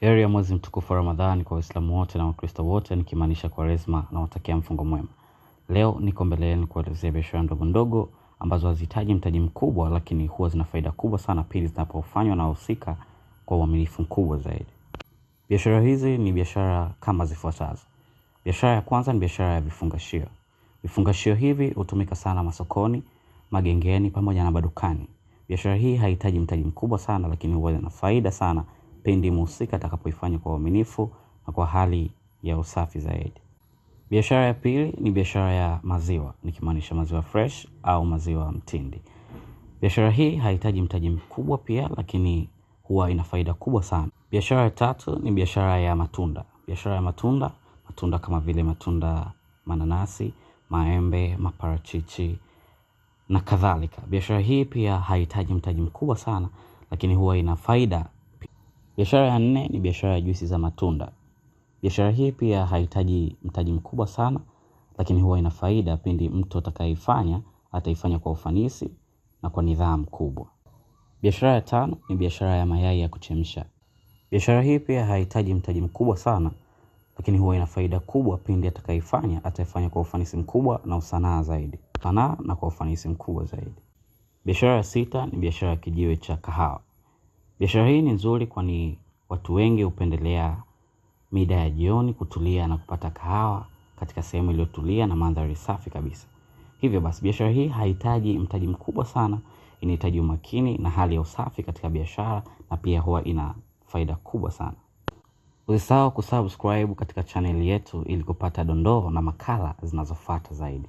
Heri ya mwezi mtukufu wa Ramadhani kwa Waislamu wote na Wakristo wote, nikimaanisha Kwaresma na watakia mfungo mwema. Leo niko mbele yenu kuelezea biashara ndogo ndogo ambazo hazihitaji mtaji mkubwa, lakini huwa zina faida kubwa sana pili zinapofanywa na wahusika kwa uaminifu mkubwa zaidi. Biashara hizi ni biashara kama zifuatazo. Biashara ya kwanza ni biashara ya vifungashio. Vifungashio hivi hutumika sana masokoni, magengeni pamoja na madukani. Biashara hii haihitaji mtaji mkubwa sana, lakini huwa na faida sana pindi mhusika atakapoifanya kwa uaminifu na kwa hali ya usafi zaidi. Biashara ya pili ni biashara ya maziwa, nikimaanisha maziwa fresh au maziwa mtindi. Biashara hii hahitaji mtaji mkubwa pia, lakini huwa ina faida kubwa sana. Biashara ya tatu ni biashara ya matunda. Biashara ya matunda, matunda kama vile matunda mananasi, maembe, maparachichi na kadhalika. Biashara hii pia hahitaji mtaji mkubwa sana, lakini huwa ina faida Biashara ya nne ni biashara ya juisi za matunda. Biashara hii pia haihitaji mtaji mkubwa sana, lakini huwa ina faida pindi mtu atakayeifanya ataifanya kwa ufanisi na kwa nidhamu kubwa. Biashara ya tano ni biashara ya mayai ya kuchemsha. Biashara hii pia haihitaji mtaji mkubwa sana, lakini huwa ina faida kubwa pindi atakayeifanya ataifanya kwa ufanisi mkubwa na usanaa zaidi, sanaa na kwa ufanisi mkubwa zaidi. Biashara ya sita ni biashara ya kijiwe cha kahawa. Biashara hii ni nzuri kwani watu wengi hupendelea mida ya jioni kutulia na kupata kahawa katika sehemu iliyotulia na mandhari safi kabisa. Hivyo basi biashara hii haihitaji mtaji mkubwa sana, inahitaji umakini na hali ya usafi katika biashara na pia huwa ina faida kubwa sana. Usisahau kusubscribe katika chaneli yetu ili kupata dondoo na makala zinazofuata zaidi.